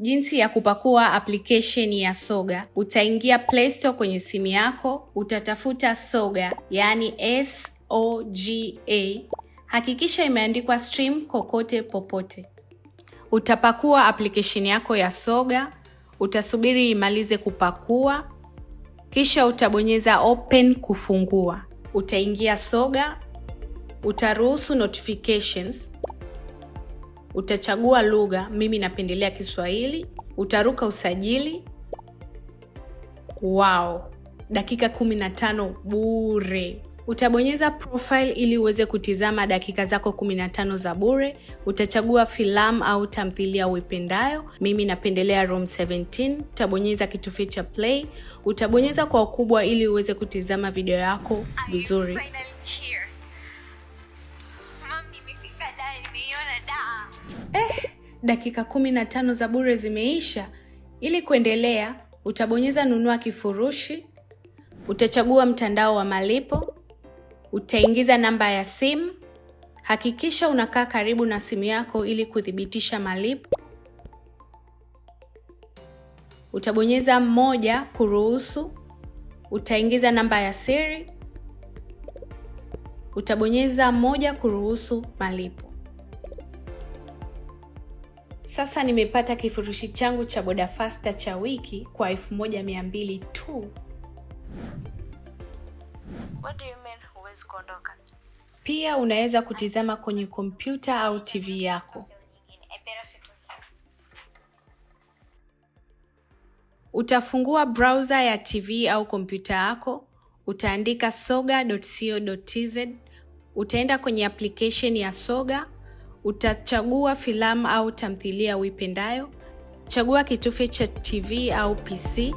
Jinsi ya kupakua application ya Soga. Utaingia Play Store kwenye simu yako, utatafuta Soga, yaani S O G A. Hakikisha imeandikwa stream kokote popote. Utapakua application yako ya Soga, utasubiri imalize kupakua, kisha utabonyeza open kufungua. Utaingia Soga, utaruhusu notifications Utachagua lugha, mimi napendelea Kiswahili. Utaruka usajili wao, dakika 15 bure. Utabonyeza profile ili uweze kutizama dakika zako 15 za bure. Utachagua filamu au tamthilia uipendayo. Mimi napendelea Room 17. Utabonyeza kitufe cha play, utabonyeza kwa ukubwa ili uweze kutizama video yako vizuri nimeiona da. Eh, dakika kumi na tano za bure zimeisha. Ili kuendelea, utabonyeza nunua kifurushi, utachagua mtandao wa malipo, utaingiza namba ya simu. Hakikisha unakaa karibu na simu yako ili kuthibitisha malipo. Utabonyeza moja kuruhusu, utaingiza namba ya siri, utabonyeza moja kuruhusu malipo. Sasa nimepata kifurushi changu cha Bodafasta cha wiki kwa elfu moja mia mbili tu. What do you mean huwezi kuondoka? Pia unaweza kutizama kwenye kompyuta au TV yako. Utafungua browser ya TV au kompyuta yako, utaandika soga.co.tz, utaenda kwenye application ya Soga Utachagua filamu au tamthilia uipendayo. Chagua kitufe cha TV au PC.